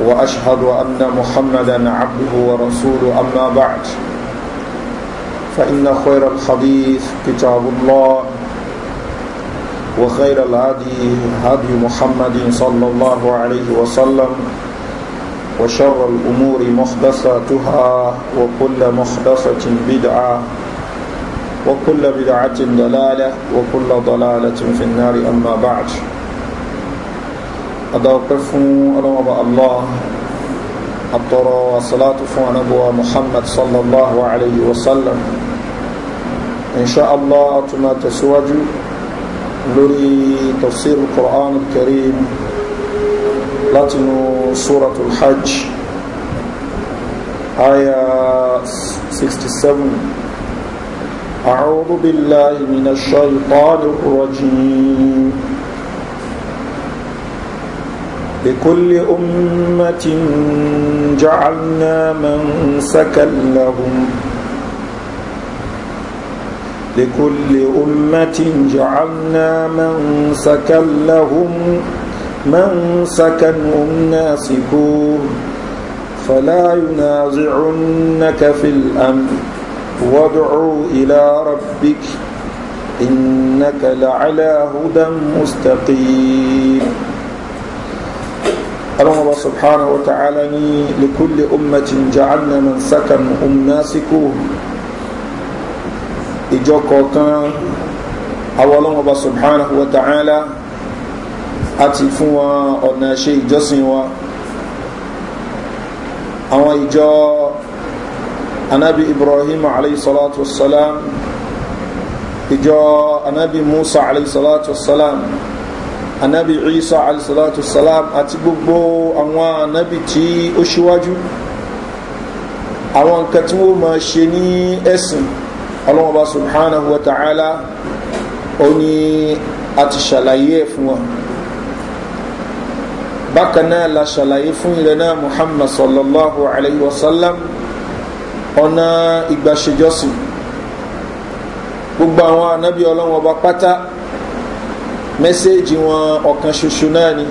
وأشهد أن محمدا عبده ورسوله أما بعد فإن خير الحديث كتاب الله وخير الهدي هدي محمد صلى الله عليه وسلم وشر الأمور محدثاتها وكل محدثة بدعة وكل بدعة دلالة وكل ضلالة في النار أما بعد adáwọ̀pẹ́ fún ọlọ́mọba allah àtọrọ àsálàtù fún anábọ̀wà muhammad sallallahu alayhi wa sallam insha allah atuma tẹ̀síwájú lórí tafsir quran kareem látinú suratul hajj aya 67 أعوذ بالله من الشيطان الرجيم لكل أمة جعلنا سكن لهم لكل أمة جعلنا سكن لهم من هم ناسكوه فلا ينازعنك في الأمر وادع إلى ربك إنك لعلى هدى مستقيم ọlọ́run wa subhanahu wa ta'ala ní lèkúlè ummatin ja'alna man sakanu umnasiku ìjọ kọ̀ọ̀kan àwọn ọlọ́run wa subhanahu wa ta'ala àti fún wa ọ̀nà ṣe ìjọsìn wa àwọn ìjọ anabi ibrahim alayhi salatu wassalam ìjọ anabi musa alayhi salatu wassalam anabi isa alayhisalatu salam àti gbogbo àwọn anabi tí ó ṣíwájú àwọn nǹkan tí wọ́n máa ṣe ní ẹ̀sìn ọlọ́wọ́n bá subhanahu wa ta'ala ó ní àti ṣàlàyé ẹ̀ fún wa bákan náà la ṣàlàyé fún ilẹ̀ náà muhammad sallallahu alayhi wa sallam ọ̀nà ìgbàṣejọ́sìn gbogbo àwọn anabi ọlọ́wọ́n bá pátá mẹ́sẹ́ẹ̀jì wọn ọ̀kan ṣoṣo náà ni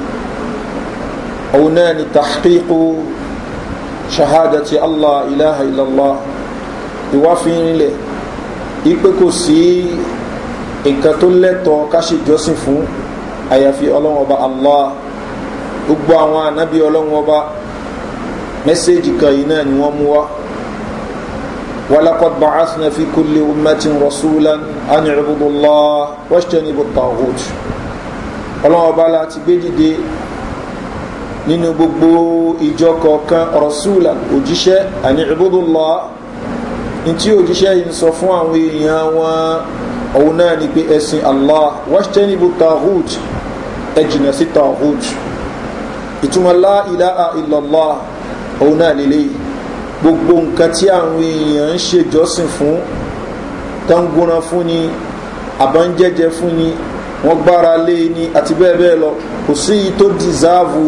òun náà ni tàkíkù ṣahadati allah ilaha illallah ìwáfin rinlẹ̀ ipe kò sí nǹkan tó lẹ́tọ̀ọ́ ká ṣe jọ́sìn fún àyàfi ọlọ́run ọba allah gbogbo àwọn ànábì ọlọ́run ọba mẹ́sẹ́ẹ̀jì kan yìí náà ni wọ́n mú wá. ولقد بعثنا في كل أمة رسولا أن اعبدوا الله واجتنبوا الطاغوت ọlọ́run ọba la ti gbé dìde nínú gbogbo ìjọ kọ̀ọ̀kan rasúlà òjíṣẹ́ àní ìbúdùlọ́ ní tí òjíṣẹ́ yìí ń sọ fún àwọn èèyàn wọn òun náà ni pé ẹ̀sìn allah wáṣítẹ́nìbù tahut ẹ̀jìnà sí tahut ìtumọ̀ láìláà ìlọ́lá òun náà lélẹ́yìí gbogbo nǹkan tí àwọn èèyàn ń ṣe jọ́sìn fún tó ń gúnran fún ni àbọ̀njẹ́jẹ́ fún ni wọ́n gbára lé e ni àti bẹ́ẹ̀ bẹ́ẹ̀ lọ kò sí i tó dìsáàvù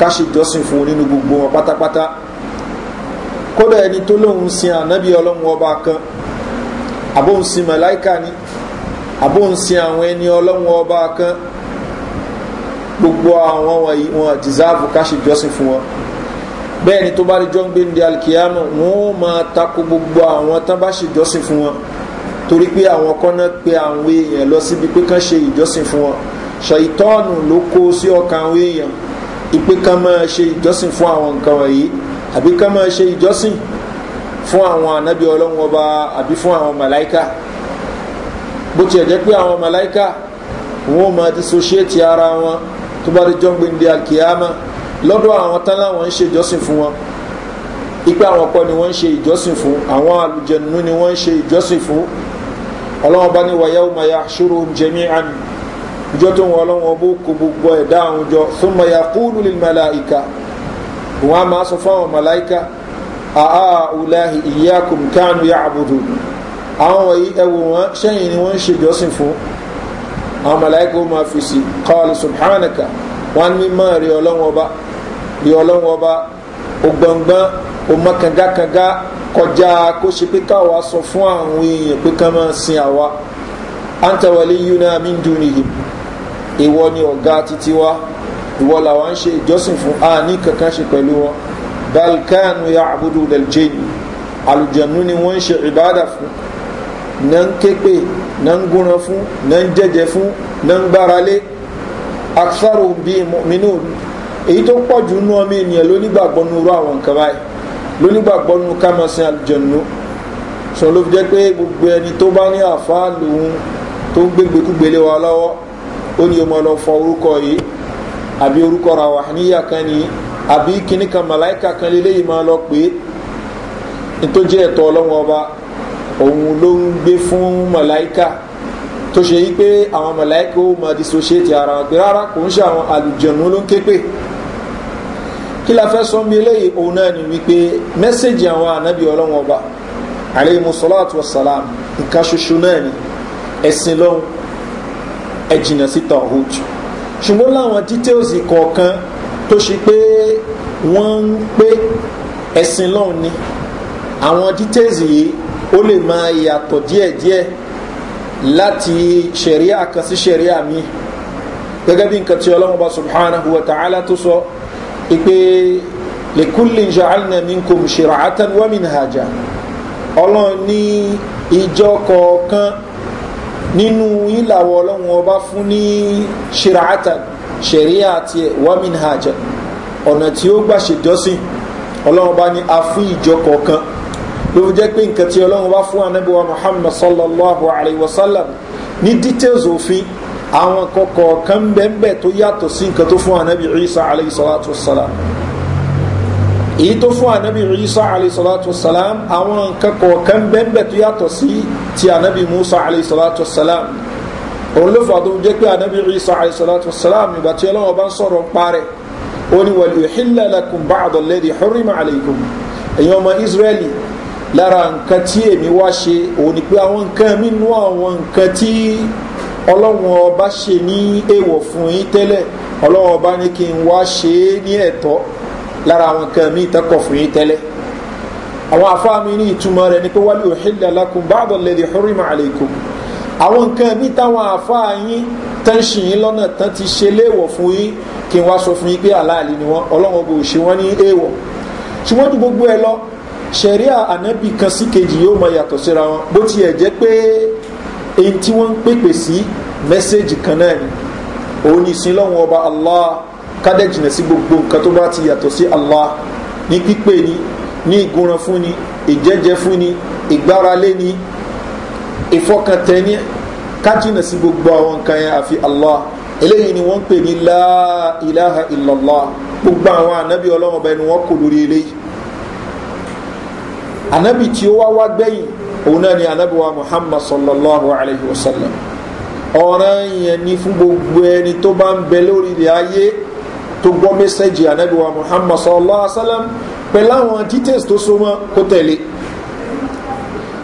ká ṣe jọ́sìn fún nínú gbogbo wọn pátápátá kódà ẹni tó lóun sin ànábì ọlọ́run ọba kan àbóhùn sin màláìka ni àbóhùn sin àwọn ẹni ọlọ́run ọba kan gbogbo àwọn wọ̀nyí wọn dìsáàvù ká ṣe jọ́sìn fún wọn bẹ́ẹ̀ ni tó bá rí jọ́ ń gbé ní alkiyama wọ́n máa tako gbogbo àwọn tán bá ṣe ìjọsìn fún wọn torí pé àwọn kọ́nà pé àwọn èèyàn lọ síbi pé kán ṣe ìjọsìn fún wọn ṣàìtọ́ọ̀nù ló kó sí ọkàn àwọn èèyàn ìpé kán máa ṣe ìjọsìn fún àwọn nǹkan wọ̀nyí àbí kán máa ṣe ìjọsìn fún àwọn ànábì ọlọ́run ọba àbí fún àwọn màláìka bó tiẹ̀ jẹ́ pé àwọn màláìka wọn ò máa dissociate ara wọn tó bá rí jọ́ ń gbé ní alkiyama lọ́dọ̀ àwọn tán láwọn ń ṣe ìjọsìn fún wọn ipe àwọn kọ́ ni wọ́n ń ṣe ìjọsìn fún àwọn àlùjẹ̀nù ni wọ́n ń ṣe ìjọsìn fún ọlọ́wọ́n bá ní wàyà ọmọya ṣòro jẹ̀mí àmì ìjọ tó ń ọlọ́wọ́n bó kó gbogbo ẹ̀dá àwọn fún mọ̀yà kúlù lè mọ̀lá wọn a máa sọ fáwọn mọ̀láìka àá ọláhì ìyá kùmkánù yá àbùdù àwọn wọ̀nyí ẹwù wọn sẹ́yìn ni wọ́n ń ṣe ìjọsìn fún àwọn mọ̀láìka ó máa fèsì kọ́ọ̀lù subhanaka wọn mímọ́ rí ọlọ́wọ́n bá bí ọlọ́run ọba ó gbọ̀ngbọ́n ó mọ kangakanga kọjá kó ṣe pé káwa sọ fún àwọn èèyàn pé ká máa sin àwa antawale yuna mindu nìyí ìwọ ni ọ̀gá títí wa ìwọ làwa ń ṣe ìjọsìn fún a ní kankan ṣe pẹ̀lú wọn balkanu ya abudu daljeni alùjẹ̀nu ni wọ́n ń ṣe ìbáàdà fún na ń képe na fún na jẹjẹ fún na ń gbáralé aksaru bíi èyí tó pọ̀ jù nú ọmọ ènìyàn lónígbàgbọ́ nu rú àwọn nǹkan báyìí lónígbàgbọ́ nu kámọ́sìn àlùjọ̀nù sọ ló fi jẹ́ pé gbogbo ẹni tó bá ní àfa lòun tó ń gbégbékúgbélé wa lọ́wọ́ ó ní ọmọ lọ fọ orúkọ yìí àbí orúkọ ra wà níyà kan ni àbí kíní kan màláìka kan lélẹ́yìí máa lọ pé nítorí ẹ̀tọ́ ọlọ́wọ́n ọba òun ló ń gbé fún màláìka tó ṣe yí pé àwọn mọ̀láìkì ó máa dissociate ara wọn pé rárá kò ń ṣe àwọn àlùjọ̀nù ló ń ké pè kí la fẹ́ sọ bí eléyìí òun náà ni wípé mẹ́sẹ̀gì àwọn ànábì ọlọ́wọ́n ọba àlẹ́ wasalam nǹkan ṣoṣo náà ni ẹ̀sìn lọ́hùn ẹ̀jìnà síta ọ̀hújù ṣùgbọ́n láwọn details kọ̀ọ̀kan tó ṣe pé wọ́n ń pé ẹ̀sìn lọ́hùn ni àwọn details yìí ó lè máa yàtọ̀ díẹ̀díẹ̀ láti ṣẹ̀ríà kan sí ṣẹ̀ríà mi gẹ́gẹ́ bí nǹkan tí ọlọ́run bá subhanahu wa ta'ala tó sọ ipe lèkúlì jàálìnà minkum ṣìràátàn wa minhaja ọlọ́run ní ìjọ kọ̀ọ̀kan nínú ìlàwọ̀ ọlọ́run ọba fún ní ṣìràátàn ṣẹ̀ríà àti wa minhaja ọ̀nà tí ó gbà ṣèjọ́sìn ọlọ́run bá ní a ìjọ kọ̀ọ̀kan ló fi jẹ́ pé nǹkan tí ọlọ́run bá fún anábíwá muhammad sallallahu alayhi wa sallam ní details òfin àwọn kọ̀ọ̀kan bẹ́ẹ̀ tó yàtọ̀ sí nǹkan tó fún anábí isa alayhi salatu wa salam èyí tó fún anábì isa alayhisalatu salam àwọn nǹkan kọ̀ọ̀kan bẹ́ẹ̀ tó yàtọ̀ sí ti anábì musa alayhisalatu salam òun ló fàdó jẹ́ pé anábì isa alayhisalatu salam ìgbà tí ọlọ́wọ́ bá ń sọ̀rọ̀ parẹ́ ó ní wàlúù hílẹ̀ lẹ́kùn bá àdọ̀lẹ́dì alaykum èyí ọmọ israẹli lára nǹkan tí èmi wá ṣe òun ni pé àwọn nǹkan nínú àwọn nǹkan tí ọlọ́wọ́n ọba ṣe ní èèwọ̀ fún yín tẹ́lẹ̀ ọlọ́wọ́n ọba ní kí n wá ṣe é ní ẹ̀tọ́ lára àwọn nǹkan mi ìtẹ́kọ̀ fún yín tẹ́lẹ̀ àwọn afáàmì ní ìtumọ̀ rẹ̀ ni pé wálé òhìlẹ̀ alákùn báàbọ̀ lẹ́dí húrímà àlẹ́kùn àwọn nǹkan mi táwọn àfáà yín tán ṣì yín lọ́nà tán ti ṣe léèwọ̀ fún yín kí n wá sọ fún yín pé àlàálì ni wọ́n ọlọ́wọ́n bò ṣe ní èèwọ̀ ṣùgbọ́n ju gbogbo ẹ lọ sẹ̀ríà ànábì kan sí kejì yóò mọ yàtọ̀ síra wọn bó tiẹ̀ jẹ́ pé èyí tí wọ́n ń pèpè sí mẹ́sẹ́jì kan náà ni òun ni sin lọ́wọ́n ọba allah kádẹ́ jìnà sí gbogbo nǹkan tó bá ti yàtọ̀ sí allah ní pípé ni ní ìgúnran fún ni ìjẹ́jẹ́ fún ni ìgbáralé ni ìfọkàntẹ́ ni kájìnà sí gbogbo àwọn nǹkan yẹn àfi allah eléyìí ni wọ́n ń pè ní láà ìlàhà ìlọ́lá gbogbo àwọn ànábì ọlọ́run ọba ẹni wọ́n kò lórí eléyìí anabi tí ó wá wá gbẹ̀yìn òun náà ni anabi wa muhammad sallallahu alayhi wa sallam ọ̀ràn yẹn ni fún gbogbo ẹni tó bá ń bẹ lórí ilẹ̀ ayé tó gbọ́ mẹ́sẹ̀jì anabi wa muhammad sallallahu alayhi wa sallam pẹ̀lú àwọn details tó so mọ́ kó tẹ̀lé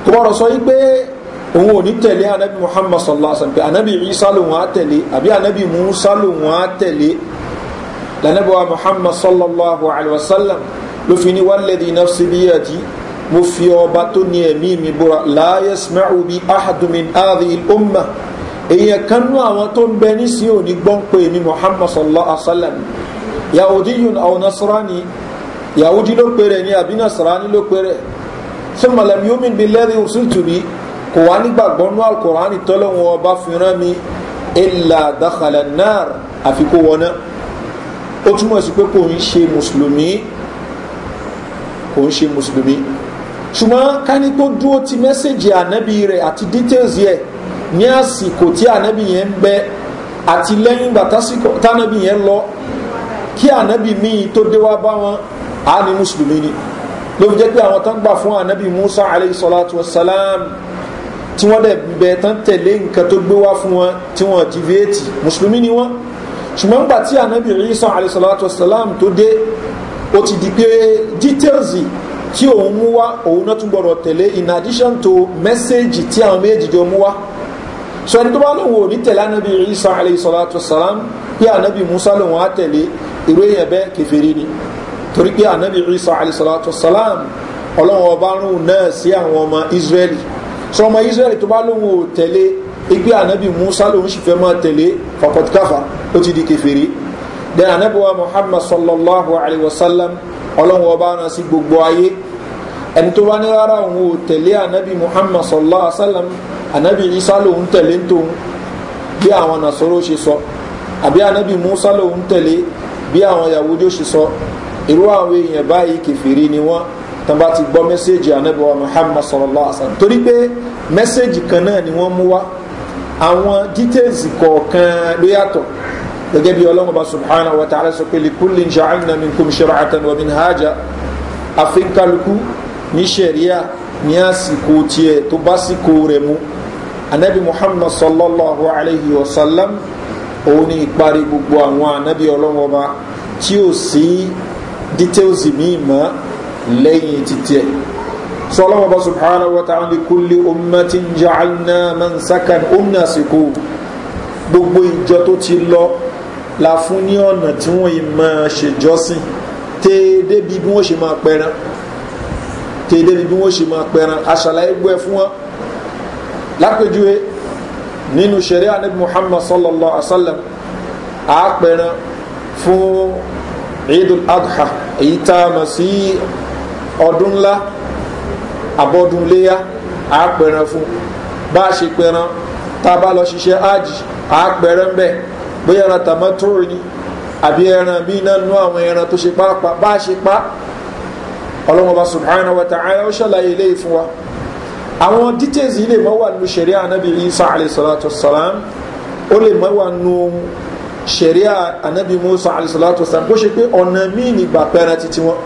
kò bọ̀rọ̀ sọ yí pé òun ò ní tẹ̀lé anabi muhammad sallallahu alayhi wa sallam pé anabi isa lòun á tẹ̀lé àbí anabi musa lòun á tẹ̀lé lànàbí wa muhammad sallallahu alayhi wa sallam ló fi ní wàlẹ́dì nafsi bíyàjì mo fi ọba tó ní ẹ̀mí mi búra láyẹ̀sìmẹ́rù bíi ahadumin adi umma èèyàn kan nú àwọn tó ń bẹ nísìnyí òní gbọ́n pé mi muhammad sallallahu alaihi wa sallam yahudi yun àwọn nasarani yahudi ló pe rẹ̀ àbí nasarani ló pe rẹ̀ malami yomi bi lẹ́rí òsìtù mi kò wá nígbàgbọ́ nú alukóraní tọ́lọ́wọ́n ọba fìràn mi ilà dàkàlẹ̀ náà àfikún wọná ó túmọ̀ sí pé kò ń ṣe mùsùlùmí kò ń ṣe mùsùlùmí ṣùgbọ́n kání tó dúró ti mẹ́sẹ̀jì ànábì rẹ̀ àti details yẹ ní àsìkò tí ànábì yẹn ń bẹ àti lẹ́yìn ìgbà tánábì yẹn lọ kí ànábì míì tó dé bá wọn á ní mùsùlùmí ni ló fi jẹ́ pé àwọn tán gbà fún ànábì musa alayhi salatu salam tí wọ́n dẹ̀ bẹ̀ tán tẹ̀lé nǹkan tó gbé wá fún wọn tí wọ́n jìvẹ́ẹ̀tì mùsùlùmí ni wọ́n ṣùgbọ́n gbà tí ànábì isa alayhi salatu salam tó dé ó ti di pé details yìí tí òun mú wá òun náà tún gbọ́dọ̀ tẹ̀lé in addition to message tí àwọn méjì jọ mú wá so ẹni tó bá lóun ò ní tẹ̀lé anabi isa alayhi salatu salam pé anabi musa lòun á tẹ̀lé ìró èèyàn bẹ́ẹ̀ kẹfẹ́rí ni torí pé anabi isa alayhi salatu salam ọlọ́run ọba rún náà sí àwọn ọmọ israeli so ọmọ israeli tó bá lóun ò tẹ̀lé igbe anabi musa lòun sì fẹ́ máa tẹ̀lé fakọtikafa ó ti di kẹfẹ́rí then anabi wa muhammad sallallahu alayhi wa sallam ọlọ́run ọba náà sí gbogbo ayé ẹni tó bá ní rárá òun ò tẹ̀lé ànábì muhammad sallallahu alaihi wa sallam ànábì isa lòun tẹ̀lé ń tòun bí àwọn nàṣọ́rọ́ ṣe sọ àbí ànábì musa lòun tẹ̀lé bí àwọn yahudi ṣe sọ irú àwọn èèyàn báyìí kẹfìrí ni wọ́n tán bá ti gbọ́ mẹ́sẹ́ẹ̀jì ànábì wa muhammad sallallahu alaihi wa sallam torí pé mẹ́sẹ́ẹ̀jì kan náà ni wọ́n mú wá àwọn details kọ̀ọ̀kan ló yàtọ̀ gẹ́gẹ́ bí ọlọ́run bá subhanahu wa ta'ala sọ pé lè kúlin ṣe àìnà mi kùm hajj ní sẹ̀ríà ní àsìkò tiẹ̀ tó bá sìkò rẹ̀ mu anabi muhammad sallallahu alayhi wa sallam òun ni ìparí gbogbo àwọn anabi ọlọ́wọ́ ọba tí ó sí details míì mọ́ lẹ́yìn títí ẹ̀ sọlọ́wọ́ bá subhanahu wa ta'ala ní kúlé ummatin ja'alna man sakan umna gbogbo ìjọ tó ti lọ la fún ní ọ̀nà tí wọ́n yìí máa ṣèjọ́sìn téèdé bí wọ́n ṣe máa pẹran tèdè ni bí wọ́n ṣe máa pẹran aṣàlàyé gbọ́ ẹ fún wọn lápèjúwe nínú sẹ̀rí anabi muhammad sallallahu alaihi wa sallam a pẹran fún idul adha èyí tá a mọ̀ sí ọdún ńlá abọ́dún léyà a pẹran fún bá a ṣe pẹran tá a bá lọ ṣiṣẹ́ ájì a pẹran bẹ́ẹ̀ bóyá ẹran tàmátúrò ni àbí ẹran bí iná nú àwọn ẹran tó ṣe pàápàá bá a ṣe pàápàá ọlọ́mọba subhanahu wa ta'ala ó ṣàlàyé ilé ìfún wa àwọn details yìí lè mọ́ wà nínú ṣẹ̀ríà anábì isa alayhisalatu salam ó lè mọ́ wà nínú ṣẹ̀ríà anábì musa alayhisalatu salam bó ṣe pé ọ̀nà míì nígbà pẹ́ẹ́rẹ́ títí wọn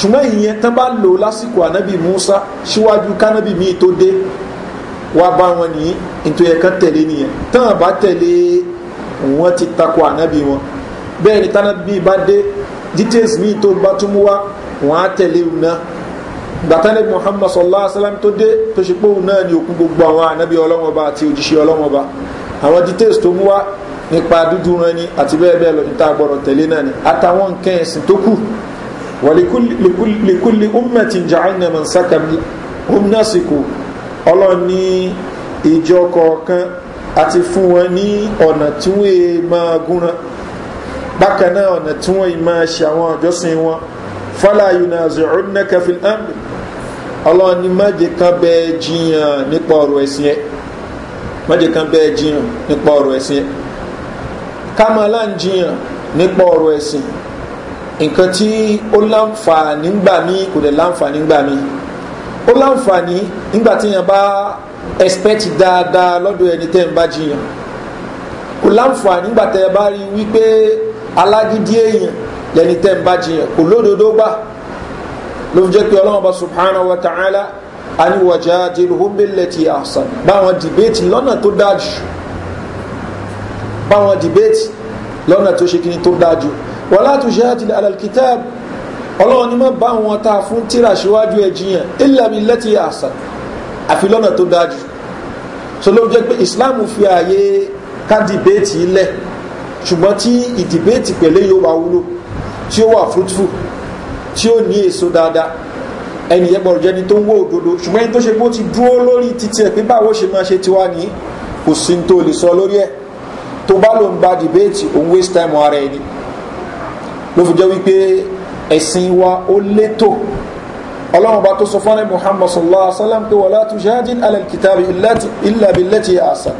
ṣùgbọ́n ìyẹn tán bá lò lásìkò anábì musa síwájú kánábì míì tó dé wá bá wọn ní nítorí tẹ̀lé nìyẹn tán bá tẹ̀lé wọn ti takò anábì wọn bẹ́ẹ̀ ni tánábì bá dé details míì tó bá tún mú wá wọ́n á tẹ̀lé òun náà gbàtánì muhammad sallallahu alaihi wa sallam tó dé tó ṣe pé òun náà ni òkun gbogbo àwọn ànábì ọlọ́mọba àti òjíṣẹ́ ọlọ́mọba àwọn details tó mú wá nípa dúdú ran ni àti bẹ́ẹ̀ bẹ́ẹ̀ lọ níta gbọ́dọ̀ tẹ̀lé náà ni àtàwọn nǹkan ẹ̀sìn tó kù wà lèkúlè ummatin ja'alna man saka umnasiku ọlọ́run ní ìjọ kọ̀ọ̀kan àti fún wọn ní ọ̀nà tí wọ́n máa gúnran bákan náà ọ̀nà tí wọ́n máa ṣe àwọn àjọsìn wọn fala yunazi'unaka fil amr ọlọ́run ní májè kan bẹ́ẹ̀ jiyàn nípa ọ̀rọ̀ ẹ̀sìn ẹ̀ májè kan bẹ́ẹ̀ jiyàn nípa ọ̀rọ̀ ẹ̀sìn ẹ̀ tí ó láǹfààní gbà mí kò dẹ̀ láǹfààní mi mí tí expect lẹni tẹ́ ń bá jiyàn kò lódodo gbà ló fi jẹ́ pé ọlọ́run bá subhana wa ta'ala ani wàjà jẹ́lúhùn bẹ́lẹ̀ ti àṣàn báwọn dìbẹ́tì lọ́nà tó dájú báwọn dìbẹ́tì lọ́nà tó ṣe kíni tó dájú wọ́n látò ṣe àti alàlkitab ọlọ́run ni mọ́ bá wọn ta fún tíra ṣíwájú ẹ̀ jiyàn ìlàmì lẹ́tì àṣàn àfi lọ́nà tó dájú so ló jẹ́ pé islam fi ààyè ká dìbẹ́tì ilẹ̀ ṣùgbọ́n tí ìdìbẹ́tì pẹ̀lẹ́ yóò wá wúlò tí ó wà fruitful tí ó ní èso dáadáa ẹni yẹ gbọ́dọ̀ jẹ́ni tó ń wó òdodo ṣùgbọ́n ẹni tó ṣe bó ti dúró lórí títí ẹ̀ pé báwo ṣe máa ṣe tiwa ní kò sí tó lè sọ lórí ẹ̀ tó bá lòun gba dìbéètì òun waste time ara ẹni ló fi jẹ́ wípé ẹ̀sìn wa ó létò ọlọ́run bá tó sọ fún muhammad sallallahu alaihi wa sallam pé wàlá tu jahajin alal kitabi illa bi lẹ́tì àṣàn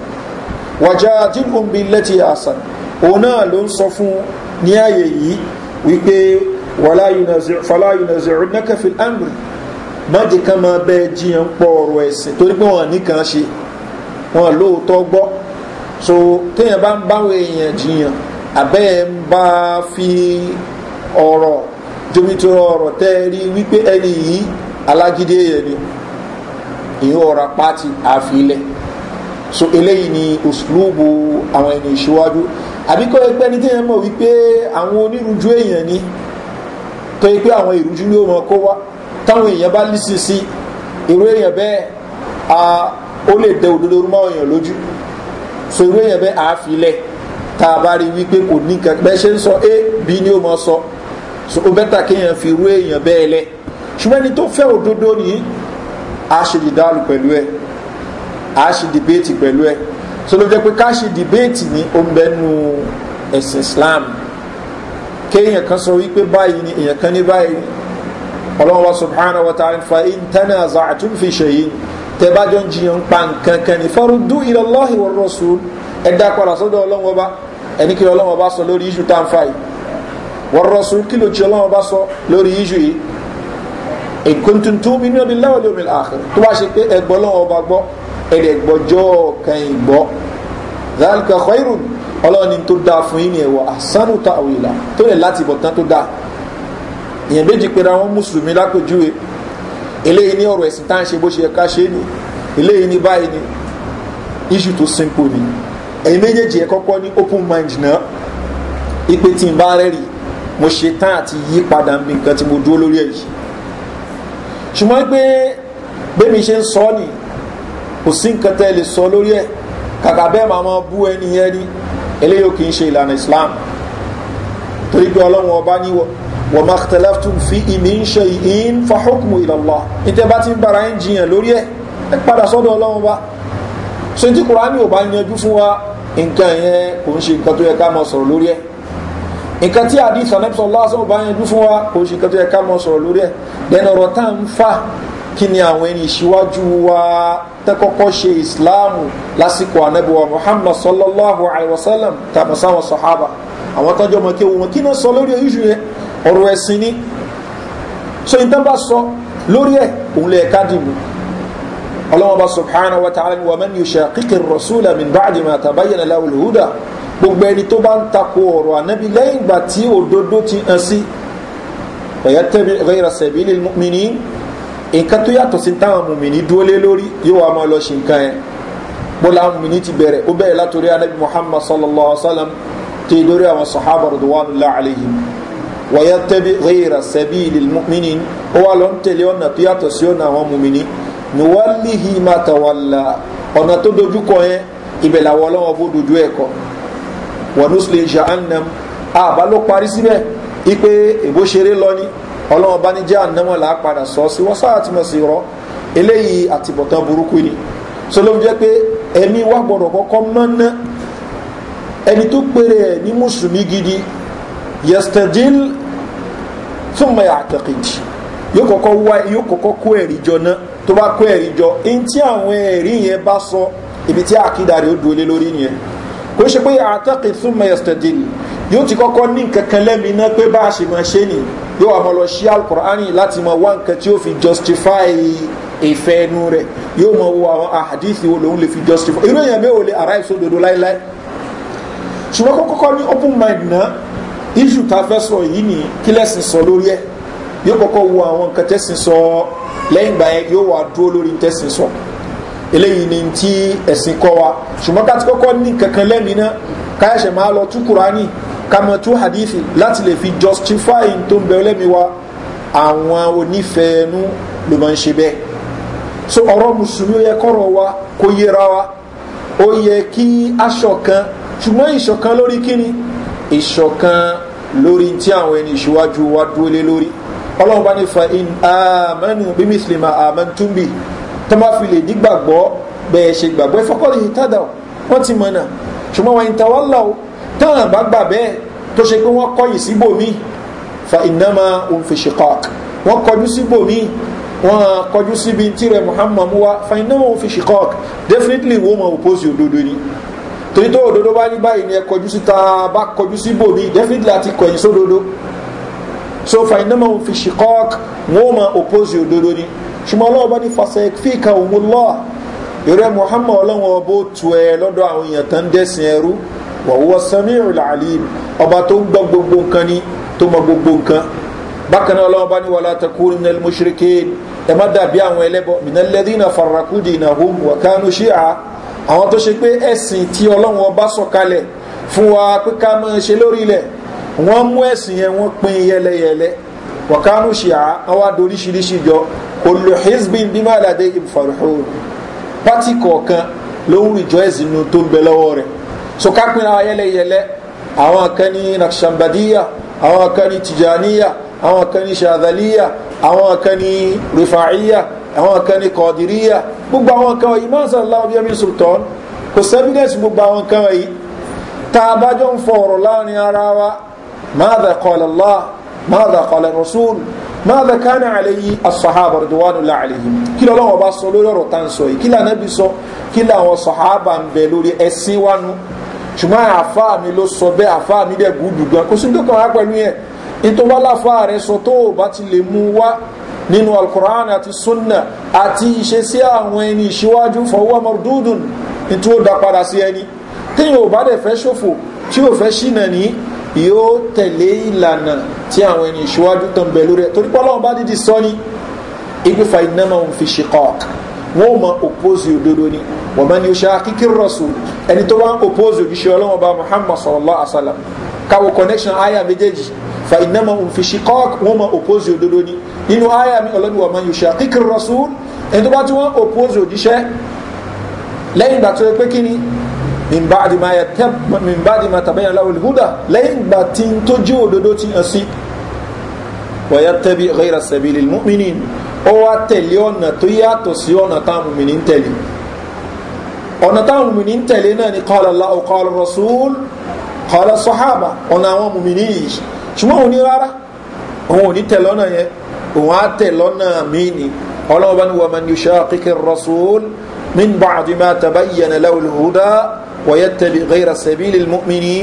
wàjá jihun lẹ́tì àṣàn òun náà ló ń sọ fún ní ààyè yìí wípé fọlá yunaziru nakafil amri májì kan máa bẹ jiyàn pọ̀ ọ̀rọ̀ ẹ̀sìn torí pé wọ́n nìkan ṣe wọ́n lóòótọ́ gbọ́ so téèyàn bá ń báwọn èèyàn jiyàn àbẹ́ ẹ̀ ń bá fi ọ̀rọ̀ jomitoro ọ̀rọ̀ tẹ́ ẹ rí wípé ẹni yìí alágídé yẹn ni ìyẹn ọ̀rọ̀ pátì àfilẹ̀ so eléyìí ni òṣùlùbù àwọn ẹni ìṣíwájú àbíkọ́ ẹgbẹ́ ní téèyàn mọ̀ wípé àwọn onírúurú èèyàn ni tó yẹ pé àwọn ìrújú ló mọ kó wá táwọn èèyàn bá lì sí sí èèyàn bẹ́ẹ̀ ó lè dẹ òdodo rúmọ́ èèyàn lójú so irú èèyàn bẹ́ẹ̀ àáfilẹ̀ tá a bá rí wípé kò ní nǹkan bẹ́ẹ̀ ṣe ń sọ a b ni ó mọ sọ so ó bẹ́tà kéèyàn fi irú èèyàn bẹ́ẹ̀ lẹ̀ ṣùgbọ́n ẹni tó fẹ́ òdodo nìyí a ṣe dìdáàlù pẹ̀lú ẹ a ṣe dìbéètì pẹ̀lú ẹ so ló jẹ́ pé ká ṣe dìbéètì ní ombẹ́nu ẹ̀sìn islam kéèyàn kan sọ wípé báyìí ni èèyàn kan ní báyìí ọlọ́run wa subhanahu wa ta'ala fa in tanaza'tum fi shay'in tẹ́ bá jọ ń jiyàn pa nǹkan kan ní faruddu ila Allahi wa rasul ẹ̀dá padà sọ́dọ̀ ọlọ́run ọba ẹni kí ọlọ́run ọba sọ lórí iṣu tá ń fa yìí wa rasul kí ló ti ọlọ́run ọba sọ lórí iṣu yìí in kuntum tu'minuna billahi wal yawmil akhir tó bá ṣe pé ẹgbọ́ ọlọ́run ọba gbọ́ ẹ̀rẹ̀ gbọ́jọ́ kan ìgbọ́ zalika khairun ọlọ́ni tó dáa fún yín ni ẹ̀wọ̀ àsánù ta àwìlà tó lẹ̀ láti bọ̀ tán tó dáa ìyẹn méjì pera wọn mùsùlùmí lápèjúwe eléyìí ní ọ̀rọ̀ ẹ̀sìn tá à ń ṣe bó ṣe ẹ̀ka ṣe ni eléyìí ní báyìí ni iṣu tó simple ni ẹ̀yin méjèèjì ẹ̀ kọ́kọ́ ní open mind náà ipe tí n bá rẹ́rì mo ṣe tán àti yí padà bí nǹkan tí mo dúró lórí ẹ̀ yìí ṣùgbọ́n pé bẹ́mi ṣe ń sọ nìyí kò sí nǹkan tẹ́ lè sọ lórí ẹ̀ kàkà bẹ́ẹ̀ máa máa bú ẹni yẹn ni eléyìí kì í ṣe ìlànà islam torí pé ọlọ́run ọba ní wọ́n máa tẹ̀lé tún fi ìmí ń ṣe ìhín fahokùnmù ìlàlá níta bá ti ń bára ń jiyàn lórí ẹ̀ ẹ padà sọ́dọ̀ ọlọ́run ọba so tí kùránì ò bá yanjú fún wa nǹkan yẹn kò ń ṣe nǹkan tó yẹ ká máa sọ̀rọ̀ lórí ẹ̀ nǹkan tí àdìsàn náà sọ lásán ò bá yanjú fún wa kò ń ṣe nǹkan tó yẹ ká máa sọ̀rọ̀ lórí ẹ̀ dẹ́nu ọ̀rọ̀ tá à ń fà kí ni àwọn ẹni ìṣíwájú wa tẹ́kọ́kọ́ ṣe ìsìláàmù lásìkò anábíwá muhammad sallallahu alayhi wa sallam tàbí sáwọn sọ̀hábà àwọn tọ́jọ́ mọ̀ kí wọn kí náà sọ lórí oríṣi yẹn ọ̀rọ̀ ẹ̀sìn ni so ìtàn bá sọ lórí ẹ̀ òun lè ká dìbò ọlọ́wọ́n bá subhanahu wa ta'ala ni wà mẹ́ni yóò ṣàkíkì rasúlà min báàdì máa tàbáyẹ̀ náà láwùlẹ̀ húdà gbogbo ẹni tó bá ń takò ọ̀rọ̀ ànábi lẹ́yìn ìgbà tí òdodo ti hàn sí ọ̀yẹ́tẹ́bí rẹ̀ sẹ̀bí lè mí nǹkan tó yàtọ̀ sí táwọn mùmìnì dúró lé lórí yóò wá máa lọ ṣe nǹkan yẹn bọ́lá àwọn mùmìnì ti bẹ̀rẹ̀ ó bẹ̀rẹ̀ látòrí anabi muhammad sallallahu alaihi wa sallam tí lórí àwọn sahaba rẹ̀dùwánu láàlẹ́yìn wọ́yẹ́ tẹ́bi rírà sẹ́bi ìlmùmìnì ó wà lọ́n tẹ̀lé ọ̀nà tó yàtọ̀ sí ọ̀nà àwọn mùmìnì nuwalihi ma tawalla ọ̀nà tó dojú kọ yẹn ibẹ̀ làwọn ọlọ́wọ́ bó dojú ẹ̀ kọ wọnúsùlẹ̀ jahannam àbá ọlọ́wọ́n bá ní jẹ́ ànámọ̀ là á padà sọ sí wọ́n sáà tí mo sì rọ eléyìí àtìbọ̀tán burúkú ni so ló fi jẹ́ pé ẹ̀mí wa gbọ́dọ̀ kọ́kọ́ mọ́ná ẹni tó péré ẹ̀ ní mùsùlùmí gidi yesterdil fún mọ̀ àtẹ̀kìjì yóò kọ́kọ́ wá yóò kọ́kọ́ kó ẹ̀rí jọ náà tó bá kó ẹ̀rí jọ ẹni tí àwọn ẹ̀rí yẹn bá sọ ibi tí àkídà rẹ̀ ó dúró lé lórí yẹn kò ṣe pé àtẹ̀kì fún mọ̀ yesterdil yóò ti kọ́kọ́ ní nkankan lẹ́mi náà pé bá a ṣe máa ṣe nì yóò wà mọ́ lọ ṣí alukur'ani láti mọ wá nkan tí ó fi justify ìfẹ́ inú rẹ̀ yóò mọ wo àwọn àhàdíìsì wo lòun lè fi justify irú èèyàn bẹ́ẹ̀ ò lè arrive sódodo láéláé ṣùgbọ́n kọ́kọ́ ní open mind náà issue tá a fẹ́ sọ yìí ni kí lẹ́sìn sọ lórí ẹ̀ yóò kọ́kọ́ wo àwọn nkan tẹ́sìn sọ lẹ́yìn ìgbà yẹn yóò wà dúró lórí tẹ́sìn sọ eléyìí ni ti ẹ̀sìn kọ́ wa ṣùgbọ́n ká ti kọ́kọ́ ní kankan lẹ́mi náà káyọ̀ṣẹ̀ máa lọ tú kúránì kàmọ̀ tó hadithi láti lè fi justify tó ń bẹ lẹ́mi wa àwọn onífẹ̀ẹ́nu ló máa ń ṣe bẹ́ẹ̀ so ọ̀rọ̀ mùsùlùmí ó yẹ kọ́rọ̀ wa kó yẹra wa ó yẹ kí aṣọ̀kan ṣùgbọ́n ìṣọ̀kan lórí kíni ìṣọ̀kan lórí tí àwọn ẹni ìṣíwájú wa dúró lé lórí ọlọ́run bá ní fa in amẹ́nu bí mùsùlùmí amẹ́ntúmbì tó bá fi lè nígbàgbọ́ bẹ́ẹ̀ ṣe gbàgbọ́ ìfọkọ́lẹ̀ yìí tádà wọ́n ti mọ̀ náà ṣùgbọ́n wọ́n ń tawọ́ lọ́wọ́ táwọn àgbà gbà bẹ́ẹ̀ tó ṣe pé wọ́n kọ́yìn síbò mí fa ìnáma òun fi ṣe kọ́k wọ́n kọjú síbò mí wọ́n kọjú síbi tí rẹ̀ muhammad wa fa ìnáma òun fi definitely wọ́n mọ̀ òpósì òdodo ni torí tó òdodo bá ní báyìí ni ẹ kọjú síta bá kọjú síbò definitely àti kọ̀yìn sódodo so fa ìnáma òun fi wọ́n mọ̀ òpósì òdodo ni ṣùgbọ́n ọlọ́wọ́ bá ní fàṣẹ fíkà òun lọ́ọ̀ ìrẹ́ muhammad ọlọ́wọ́ bó tu ẹ lọ́dọ̀ àwọn èèyàn tán dẹ́sìn ẹrú wa huwa sami'ul alim ọba tó ń gbọ́ gbogbo nǹkan ni tó mọ gbogbo nǹkan bákan náà ọlọ́run bá ní wala takunu minal mushrikin ẹ má dàbí àwọn ẹlẹ́bọ minal ladhina farraqu dinahum wa kanu shi'a àwọn tó ṣe pé ẹ̀sìn tí ọlọ́run ọba sọ̀kalẹ̀ fún wa pé ká máa ṣe lórí ilẹ̀ wọ́n mú ẹ̀sìn yẹn wọ́n pín yẹlẹyẹlẹ wa kanu shi'a àwọn adoríṣiríṣi jọ kullu hizbin bima ladayhim farihun pátì kọ̀ọ̀kan ló ń rìjọ́ ẹ̀sìn tó ń bẹ lọ́wọ́ rẹ̀ so ká pinna wa yẹlẹyẹlẹ àwọn kan ní nakshanbadiya àwọn kan ní tijaniya àwọn kan ní shadaliya àwọn kan ní rifaiya àwọn kan ní kọdiriya gbogbo àwọn kan wọ̀nyí máa ń sọ̀rọ̀ láwọn bí sultan kò sẹ́fídẹ́sì gbogbo àwọn kan wọ̀nyí tá a bá jọ ń fọ̀rọ̀ ماذا قال الله ماذا قال الرسول ماذا كان عليه الصحابة رضوان الله عليهم كلا الله وبا صلوا له رتان كلا نبي سو كلا وصحابة بلوري أسيوانو ṣùgbọ́n àfáà mi ló sọ bẹ́ẹ̀ àfáà mi dẹ̀ gúdù gan kò sí dókàn wá pẹ̀lú yẹn ìtọ́wá láfáà rẹ sọ tó o bá ti lè mú wá nínú alkùránì àti súnà àti ìṣe sí àwọn ẹni ìṣíwájú fọwọ́ mọ̀dúdùn tí ó dá padà sí ẹni tí yóò bá dẹ̀ fẹ́ ṣòfò tí yóò fẹ́ ṣìnà ní yóò tẹ̀lé ìlànà tí àwọn ẹni ìṣíwájú tàn bẹ̀ lórí ẹ̀ torípọ́lọ́wọ́n bá dídì sọ ní ìgbéfà ìnáma fi ṣe kọ́ọ̀kì wọn ò mọ òpósì òdodo ni wọ́n mẹ́ni oṣù akíkí rọ̀sùn ẹni tó wá ń òpósì òjíṣẹ́ ọlọ́wọ́n bá muhammad sallallahu alaihi wa sallam káwọ connection aya méjèèjì fa ìnáma òfìṣì kọ́ọ̀k wọ́n mọ òpósì òdodo ni nínú aya mi ọlọ́ni wọ́n mẹ́ni oṣù akíkí rọ̀sùn ẹni tó bá ti wọ́n òpósì òjíṣẹ́ lẹ́yìn ìgbà tó yẹ pé kí ni min baadi ma yatab min baadi lẹ́yìn ìgbà tí ń tójú òdodo ti hàn sí wa yattabi ghayra sabilil mu'minin ó wá tẹ̀lé ọ̀nà tó yàtọ̀ sí ọ̀nà táwọn mùmìnì ń tẹ̀lé ọ̀nà táwọn mùmìnì ń tẹ̀lé náà ni kọ́lá láwù kọ́lá rasul kọ́lá sọ́hábà ọ̀nà àwọn mùmìnì yìí ṣùgbọ́n òun ní rárá òun ò ní tẹ̀lé ọ̀nà yẹn òun á tẹ̀lé ọ̀nà míì ni ọlọ́wọ́ bá ní wọ́n máa ní ṣáàkìkì rasul min bàdí máa tabayyana láwùl húdá wọ́yẹ́tẹ̀lé gẹ́rà sẹ́bílì mùmìnì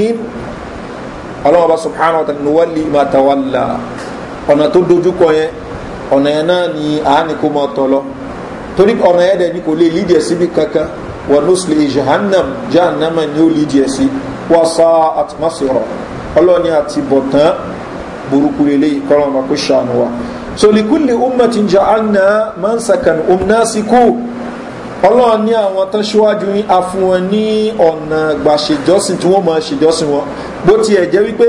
ọlọ́wọ́ bá subhanahu wa ta'ala nuwalli ma tawalla ọ̀nà tó dojúkọ yẹn ọ̀nà yẹn náà ni àánì kó máa tọ̀ lọ torí ọ̀nà yẹn dẹ̀ ni kò lè lídìí ẹ̀ síbi kankan wà nùsùlẹ̀ jahannam jahannam ni ó lídìí ẹ̀ sí wà sá àtúmọ̀sọ̀rọ̀ ọlọ́ni àti bọ̀tán burúkú lélẹ̀ kọ́lọ́ ọmọ kó ṣàánú wa so likulli ummatin ja'alna mansakan umnasiku ọlọ́run ní àwọn tó ṣíwájú yín a fún wọn ní ọ̀nà gbàṣèjọ́sìn tí wọ́n máa ṣèjọ́sìn wọn bó tiẹ̀ jẹ́ wípé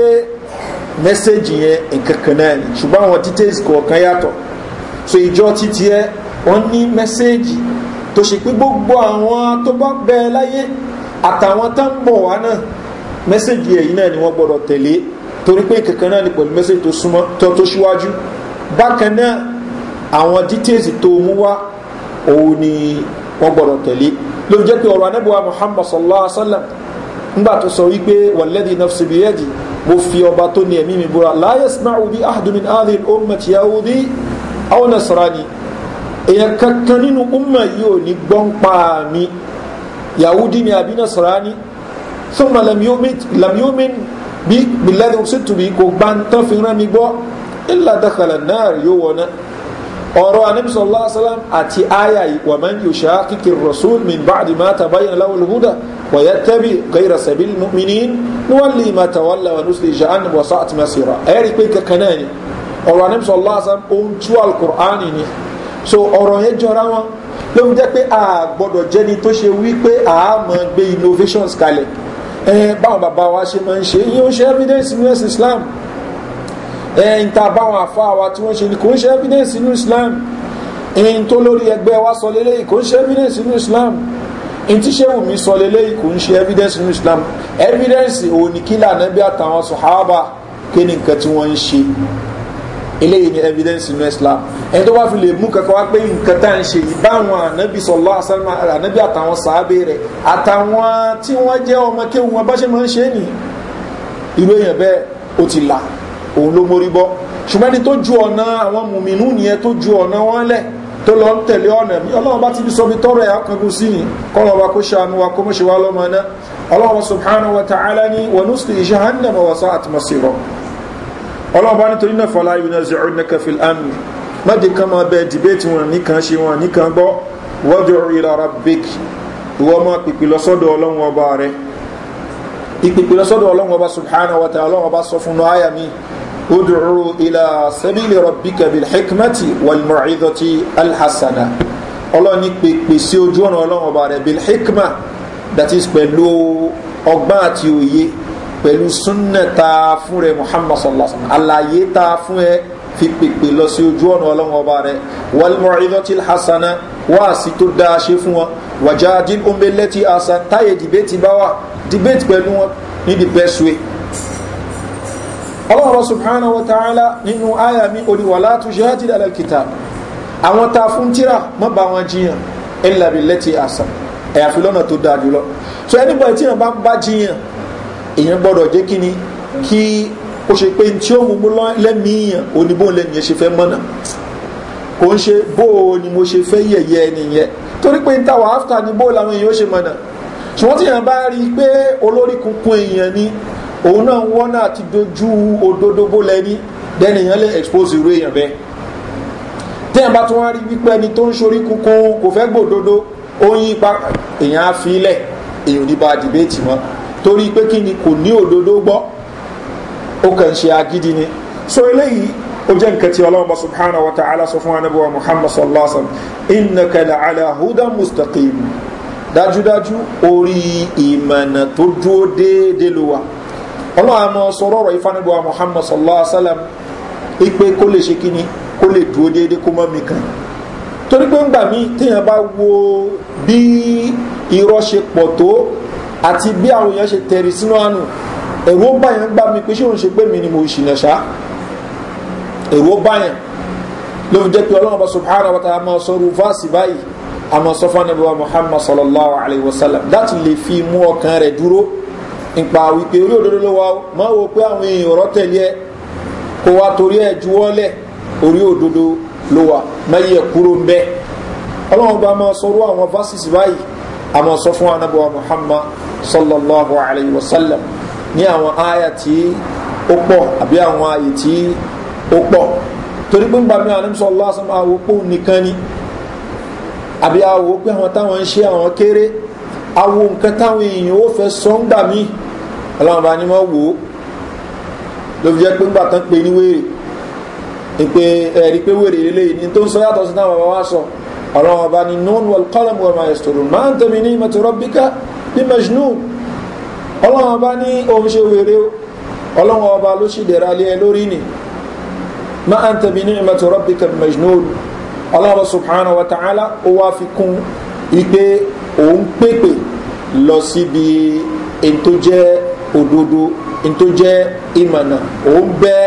mẹ́sẹ̀gì yẹn nǹkan kan náà ni ṣùgbọ́n àwọn details kọ̀ọ̀kan yàtọ̀ so ìjọ títí ẹ wọ́n ní mẹ́sẹ́ẹ̀jì tó ṣe pé gbogbo àwọn tó bá bẹ láyé àtàwọn tá ń bọ̀ wá náà mẹ́sẹ́ẹ̀jì ẹ̀yìn náà ni wọ́n gbọ́dọ̀ tẹ̀lé torí pé kankan náà ni pẹ̀lú mẹ́sẹ́ẹ̀jì tó súnmọ́ tó tó ṣíwájú bákan náà àwọn details tó mú wá òun ni wọ́n gbọ́dọ̀ tẹ̀lé ló jẹ́ pé ọ̀rọ̀ anábíwá muhammad sallallahu alaihi wa sallam ńgbà tó sọ wípé wàlẹ́dì nafsi mo fi ọba tó ní ẹ̀mí mi búra láyé sinahu bí ahdumin adil ó mẹ́tìyàwó ní àwọn nasarani èèyàn kankan nínú umma yìí ò ní gbọ́n pa mi yahudi ni àbí nasarani fún ma lamiomin bí bilẹ́dẹ̀ ó sì tùbí kò gbá ń tán fi rán mi gbọ́ ilà dàkàlà náà yóò wọ̀ náà ọ̀rọ̀ anamisọ̀lá asálám àti àyà wà máa ń yóò ṣe àkíkì rasul min báàdì máa tàbáyé aláwọ̀lúhúdà wà yá tẹ́bí gaira sabil mini níwọ̀n lè máa tàwálà wà nùsùlẹ̀ ìṣàánù wà sáà àti masira ẹ̀rí pé kankan náà ni ọ̀rọ̀ anamsọ lásán ohun tú alukur'ani ni so ọ̀rọ̀ yẹn jọra wọn ló ń jẹ́ pé a gbọ́dọ̀ jẹ́ni tó ṣe wípé a máa gbé innovations kalẹ̀ ẹ báwọn bàbá wa ṣe máa ń ṣe yín ṣe evidence ní ẹ̀sìn islam ẹ̀yìn tá a báwọn àfa wa tí wọ́n ṣe ni kò ń ṣe evidence nínú islam ẹ̀yìn tó lórí ẹgbẹ́ wa sọ lélẹ́yìn kò ń ṣe evidence nínú islam ẹ̀yìn tí ṣé wùmí sọ lélẹ́yìn kò ń ṣe evidence nínú islam evidence òní kílà nẹ́bí àtàwọn sọ̀hábà kí ni nǹkan tí wọ́n ń ṣe eléyìí ni evidence inú islam ẹni tó bá fi lè mú kankan wá pé nǹkan tá à ń ṣe yìí báwọn ànábì sọlọ àsánmà ànábì àtàwọn sàábé rẹ àtàwọn tí wọn jẹ ọmọ kéwọn wọn bá ṣe máa ń ṣe é nì irú èèyàn bẹ́ẹ̀ ó ti là òun ló mórí bọ́ ṣùgbọ́n ẹni tó ju ọ̀nà àwọn mùmínú nìyẹn tó ju ọ̀nà wọn lẹ̀ tó lọ ń tẹ̀lé ọ̀nà mi ọlọ́run bá ti fi sọmi tọrọ ẹ̀ akọ̀gùn sí ni kọ́lọ̀ wa kó ṣàánú wa kó mọ̀ ṣe wá lọ́mọ náà ọlọ́run subhanahu wa ta'ala ni wa nusli jahannama wa sa'at masira ọlọ́ọ̀bá nítorí náà fọlá ibùdó ṣe ọ̀rọ̀ nẹ́kẹ́ fi àmì mẹ́tẹ̀ kan máa bẹ dìbẹ́tì wọn nìkan ṣe wọn nìkan gbọ́ wọ́jọ́ ìlà rabik ìwọ́n máa pèpè lọ́sọ́dọ̀ ọlọ́run ọba rẹ̀ ìpèpè lọ́sọ́dọ̀ ọlọ́run ọba subhanahu wa ta'ala ọlọ́run ọba sọ fún un àyà mi udùrù ìlà sẹ́bílì rabika bil hikmati wal mọ̀ọ́idọ́tì alhassana ọlọ́run ní pẹ̀lú súnnà ta fún rẹ muhammad sallallahu alaihi wa sallam àlàyé ta fún ẹ fi pèpè lọ sí ojú ọ̀nà ọlọ́run ọba rẹ wàlúmọ̀ ìdọ́tìl hasana wá sí tó dáa ṣe fún wọn wàjá dín omelẹ́tì hasan táyé dìbẹ́tì bá wà dìbẹ́tì pẹ̀lú wọn ní the best ọlọ́run subhanahu wa ta'ala nínú àyà mi oníwàlá tó ṣe hajj alalkita àwọn ta fún tíra mọ́ bá wọn jiyàn ẹ̀ ń labilẹ́tì hasan ẹ̀yàfi lọ́nà tó dáa jùlọ so ẹnìbọ̀ tí wọn bá ń bá jiyàn èèyàn gbọ́dọ̀ jẹ́ kí ni kí ó ṣe pé tí ó mú mú lẹ́mìíyàn oníbó lẹ́nìyàn ṣe fẹ́ mọ́nà kò ń ṣe bó o ni mo ṣe fẹ́ yẹ̀yẹ́ ẹni yẹn torí pé táwa áfítà ni bó làwọn èèyàn ó ṣe mọ̀nà ṣùgbọ́n tí èèyàn bá rí i pé olórí kunkun èèyàn ni òun náà ń wọ́nà àti dojú òdodo bó lẹ́ni dẹ́ni èèyàn lè expose irú èèyàn bẹ́ẹ̀ tí bá tún wá rí wípé ẹni tó ń ṣorí kunkun kò fẹ́ gbòdodo ó ń yí pa èèyàn á fi lẹ̀ èèyàn ò ní bá dìbéètì mọ́ torí pé kí ni kò ní òdodo gbọ́ ó kàn ṣe agídí ni so eléyìí ó jẹ́ nǹkan tí ọlọ́run bá subhanahu wa ta'ala sọ fún anábíwá muhammad sallallahu alaihi wa sallam innaka la'ala hudan mustaqim dájúdájú orí ìmọ̀nà tó dúró déédéé ló wà ọlọ́run àmọ́ sọ̀rọ̀ ọ̀rọ̀ ìfanibuwa muhammad sallallahu alaihi wa sallam ipe kó lè ṣe kíni kó lè dúró déédéé kó mọ́ mi kan torí pé ńgbà míì téèyàn bá wo bí irọ́ ṣe pọ̀ tó àti bí àwọn èèyàn ṣe tẹ̀rì sínú àánú ẹ̀rọ báyẹn gbá mi pé ṣé òun ṣe pé mi ni mo ṣìnà ṣá ẹ̀rọ báyẹn ló fi jẹ́ pé ọlọ́run bá subhanahu wa ta'ala máa sọrú fáàsì báyìí a sọ fún ẹbí muhammad sallallahu alayhi wa sallam láti lè fi mú ọkàn rẹ̀ dúró nípa wípé orí òdodo ló wá máa wo pé àwọn èèyàn ọ̀rọ̀ tẹ̀lé ẹ kó wa torí ẹ juwọ́lẹ̀ orí òdodo ló wà máa yẹ kúrò ń bẹ́ẹ̀ ọlọ́run bá máa sọrú àwọn fáàsì báyìí a máa sọ fún anábọ̀wá muhammad sallallahu alayhi wa sallam ní àwọn àyà tí ó pọ̀ àbí àwọn àyè tí ó pọ̀ torí pé ń gbàmí ànímsọ lásán àwòpó nìkan ni àbí àwòpé àwọn táwọn ń ṣe àwọn kéré awo nǹkan táwọn èèyàn ó fẹ́ sọ ń gbà mí ọlọ́run bá ní mọ́ wò ó ló fi jẹ́ pé ńgbà tán pé ní wèrè ẹ̀rí pé wèrè lélẹ́yìn ní tó ń sọ yàtọ̀ sí táwọn bàbá wa sọ ọlọ́run ọba ni nọ́ọ̀nù alqalam wa máa yẹ̀sọ̀rọ̀ máa ń tẹ̀mí ní ìmọ̀tò rọ́bíkà ní majnun ọlọ́run ọba ní òun ṣe wèrè ọlọ́run ọba ló ṣì dẹ̀ra lé ẹ lórí ni máa ń tẹ̀mí ní ìmọ̀tò rọ́bíkà ní majnun ọlọ́run subhanahu wa ta'ala ó wá fi kún ipe òun pépè lọ síbi ètò jẹ́ òdodo ètò jẹ́ ìmọ̀nà òun bẹ́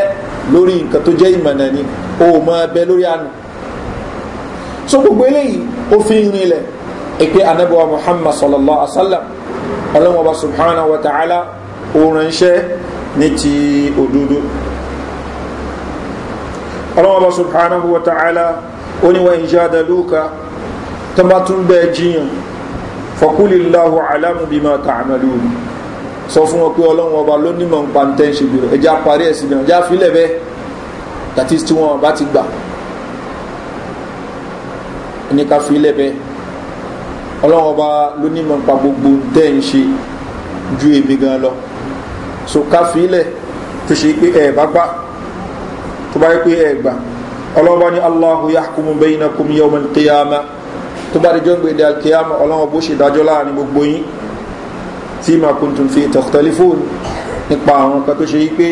lórí nǹkan tó jẹ́ ìmọ̀nà ni òun máa bẹ lórí àná so gbogbo eléyìí òfin rinlẹ̀ ìpè anabiwa muhammad sallallahu alaihi wa sallam ọlọ́wọ́n ọba subhanahu wa ta'ala òrànṣẹ́ ní ti òdodo ọlọ́wọ́n ọba subhanahu wa ta'ala oníwà ìjáda lóka tó bá tún bẹ́ẹ̀ jiyàn fọkúlìláhu alamu bí máa ta àmàlú sọ fún wọn pé ọlọ́wọ́n ló nímọ̀ nǹkan tẹ́ ń ṣe bìrọ̀ ẹja parí ẹ̀ síbi ọjà fílẹ̀ bẹ́ẹ̀ that tí wọn bá ti gbà ní ká fi lẹ́bẹ̀ ọlọ́wọ́ bá lónímọ̀ nípa gbogbo tẹ́ ń ṣe ju èmi gan lọ so ká fi lẹ̀ tó ṣe pé ẹ̀ bá gbà tó bá yẹ pé ẹ̀ gbà ọlọ́wọ́ bá ní aláhu yakumu bẹ́yìn náà kùmí yọmọ kíyàmá tó bá dijọ́ gbèdé gbogbo yín tí màá kùntùn fi tọ̀tẹ̀lifóònù nípa àwọn kan tó ṣe yí pé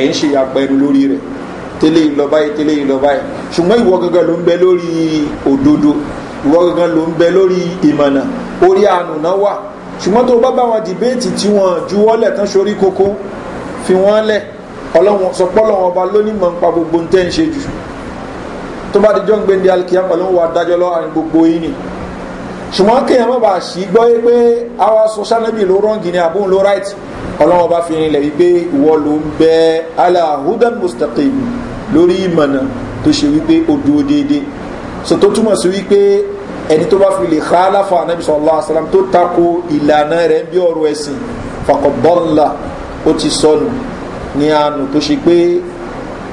ẹ̀ ń ṣe àpẹẹrù lórí tẹ́lẹ̀ ìlọ báyìí tẹ́lẹ̀ ìlọ báyìí ṣùgbọ́n ìwọ gangan ló ń bẹ lórí òdodo ìwọ gangan ló ń bẹ lórí ìmọ̀nà orí àánú náà wà ṣùgbọ́n tó bá bá wọn dìbéètì tí wọ́n juwọ́lẹ̀ tán sórí kókó fi wọ́n lẹ̀ ọlọ́wọ́n sọpọ́lọ́ ọba lónìmọ̀ nípa gbogbo ń tẹ́ ń ṣe jù tó bá dijọ́ ń gbé ní alikiyama ló ń wà dájọ́ lọ́wọ́ àrùn gbogbo yìí ni ṣùgbọ́n kéèyàn má bàa sí gbọ́ yé pé àwa social media ló rọ́ǹgì ni àbóhùn ló right ọlọ́wọ́n bá fi rinlẹ̀ wípé ìwọ ló ń bẹ aláhùdán mustaqim lórí ìmọ̀nà tó ṣe wípé ó dúró déédéé so tó túmọ̀ sí wípé ẹni tó bá fi lè ká aláfa anabi sọlá asalam tó tako ìlànà rẹ̀ bí ọ̀rọ̀ ẹ̀sìn fàkọ̀bọ́nla ó ti sọnù ní àánú tó ṣe pé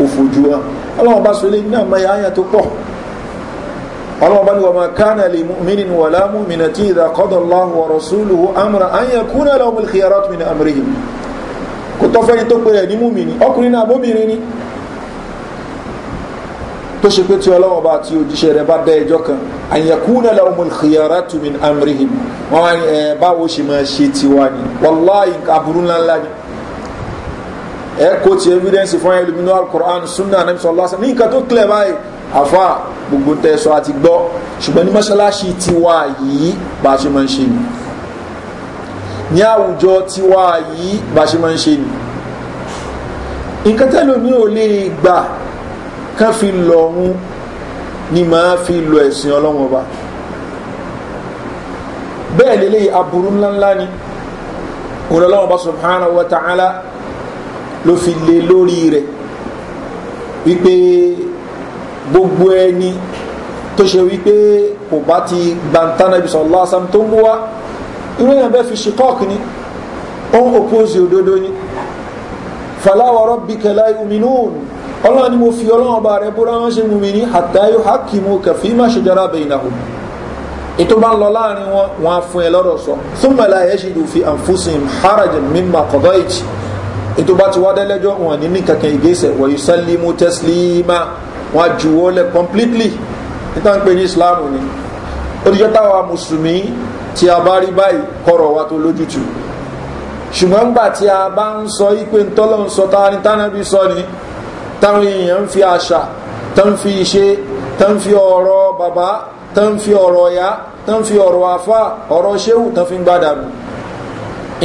òfojú hàn ọlọ́run bá sọlé ní àmọ́ ayá tó pọ̀ ọlọ́run bá ní wọ́n máa kánà lè mímí ni wàlá mú mi nàtí ìdá kọ́dọ̀ láhùn ọ̀rọ̀ sólù amúra àyà kúnà lọ́wọ́ mílíkì yàrá tó mi ní amúrihìm kò tọ́fẹ́ni tó pè rẹ̀ ní mú mi ni ọkùnrin náà bóbìnrin ni tó ṣe pé tí ọlọ́wọ́n bá ti òjíṣẹ́ rẹ̀ bá dá ẹjọ́ kan àyẹ̀kúnà làwọn ìkìyàrá tùmí amrihim wọn wá ẹ báwo ṣe máa ṣe tiwa ni wàláì aburú ńláńlá ni ẹ kó ti evidence fún ẹlòmínú alukur'an sunna anamisa ọlọ́sàn ní nǹkan tó kílẹ̀ báyìí àfa gbogbo tẹ sọ àti gbọ́ ṣùgbọ́n ní mọ́ṣáláṣí tiwa yìí bá ṣe máa ń ṣe ni ní àwùjọ tiwa yìí bá ṣe máa ń ṣe ni nǹkan tẹ́lòmí ò lè gbà kán fi lọ́run ni màá fi lọ ẹ̀sìn ọlọ́wọ́n ọba bẹ́ẹ̀ lélẹ́yìí aburú ńláńlá ni òun ọlọ́wọ́n ọba subhanahu wa ta'ala ló fi lé lórí rẹ̀ wípé gbogbo ẹni tó ṣe wípé kò bá ti gbantana ibi sọ̀rọ̀ lásán tó ń mú wá irú èèyàn bẹ́ẹ̀ fi ṣe kọ́ọ̀kì ni ó ń òpóòsì òdodo ni fàláwọ̀ rọ́bì kẹlẹ́ ìhùmínú òòrùn ọlọ́run ni mo fi ọlọ́run ọba rẹ búra wọn ṣe mú mi ní àtayọ hakimu kẹfì má ṣe jara bẹ̀yìn àwọn ètò bá ń lọ láàrin wọn wọn á fún ẹ lọ́rọ̀ sọ fún mọ̀lá ẹ̀ ṣe ìdòfin àǹfóṣin haraj mímà kọ̀dọ̀ ìjì ètò bá ti wá dẹ́lẹ́jọ́ wọn ní ní kankan ìgbésẹ̀ wọ̀nyí sálímù tẹ́sílímà wọn á juwọ́ lẹ̀ completely nítorí pé ní islam ni olùjọ́ táwa mùsùlùmí tí a bá rí báyìí kọ̀rọ̀ wa tó lójútu ṣùgbọ́n gbà tí a bá ń sọ yí ntọ́lọ́ ń sọ tá sọ ni táwọn èèyàn ń fi àṣà tó ń fi ṣe tó ń fi ọ̀rọ̀ bàbá tó ń fi ọ̀rọ̀ ọ̀yá tó ń fi ọ̀rọ̀ àfá ọ̀rọ̀ ṣéwù tó fi ń gbádànù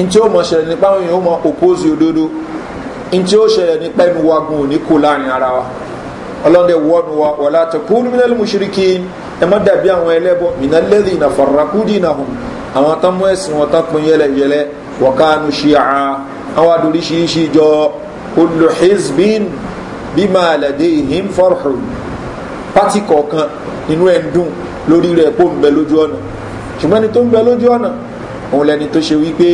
in tí ó mọ̀ ṣẹlẹ̀ nípa àwọn èèyàn ó mọ òpósì òdodo in tí ó ṣẹlẹ̀ nípa ẹnu wagun òní kò láàrin ara wa ọlọ́dẹ wọ́nu wa wọ̀lá tó kú ní mílẹ̀ mùsùlùkì ẹ má dàbí àwọn ẹlẹ́bọ̀ mìíràn lẹ́dí ìnà farakúdì ìnà hùn àwọn tán ẹ̀sìn wọn tán pin yẹlẹ yẹlẹ wọ̀kánu ṣíà àwọn adúlí ṣíṣí jọ olùhìsbín bímọ àlàdé ìhìn fọ́rọ̀hùn pátì kọ̀ọ̀kan nínú ẹ̀ ń dùn lórí rẹ̀ pò ń bẹ lójú ọ̀nà ṣùgbọ́n ẹni tó ń bẹ lójú ọ̀nà òun lẹni tó ṣe wípé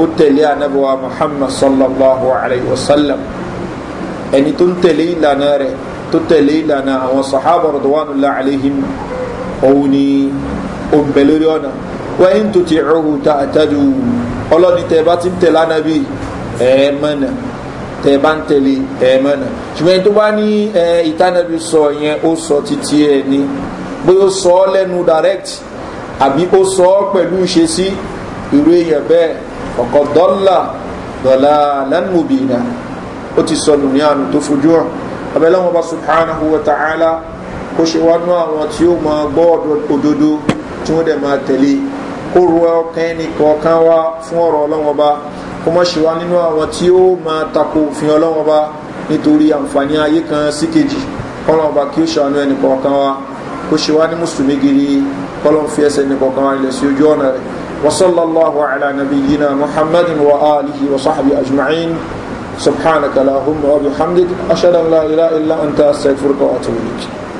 ó tẹ̀lé anábọ̀wá muhammad sallallahu alayhi wa sallam ẹni tó ń tẹ̀lé ìlànà rẹ̀ tó tẹ̀lé ìlànà àwọn sahaba rọ̀dọ̀wánulá alayhim òun ni ó ń bẹ lórí ọ̀nà wọ́n ń tó ti rúhu tá a tájú ọlọ́ni tẹ̀ bá ti ń tẹ̀lé anábì ẹ̀ẹ́mọ́nà tẹ bá ń tẹ̀lé ẹ mọ̀nà ṣùgbọ́n tó bá ní ẹ ìtànàbí sọ yẹn ó sọ títí ẹ ní bóyá ó sọ ọ lẹ́nu direct àbí ó sọ ọ pẹ̀lú ìṣesí irú èèyàn bẹ́ẹ̀ ọ̀kọ̀ dọ́là dọ̀là lẹ́nubìnà ó ti sọnù ní àná tó fojú hàn abẹ́lẹ́wọ̀n bá subhanahu wa ta'ala kó ṣe wá nú àwọn tí ó máa gbọ́ òdodo tí wọ́n dẹ̀ máa tẹ̀lé kó ru ọkàn ẹnì kọ̀ọ̀kan wá fún ọ̀rọ̀ ọlọ́wọ́n bá kó mọ́ ṣe wá nínú àwọn tí ó máa tako òfin ọlọ́wọ́n bá nítorí àǹfààní ayé kan sí kejì kọ́lọ́wọ́n bá kí ó ṣàánú ẹnì kọ̀ọ̀kan wa kó ṣe wá ní mùsùlùmí gidi kọ́lọ́wọ́n fi ẹsẹ̀ ẹnì kọ̀ọ̀kan wa ilẹ̀ sí ojú ọ̀nà rẹ̀ wasallallahu ala nabiyina muhammadin wa alihi wa sahbihi ajma'in subhanaka lahumma wa bihamdik ashhadu an la ilaha illa anta astaghfiruka wa atubu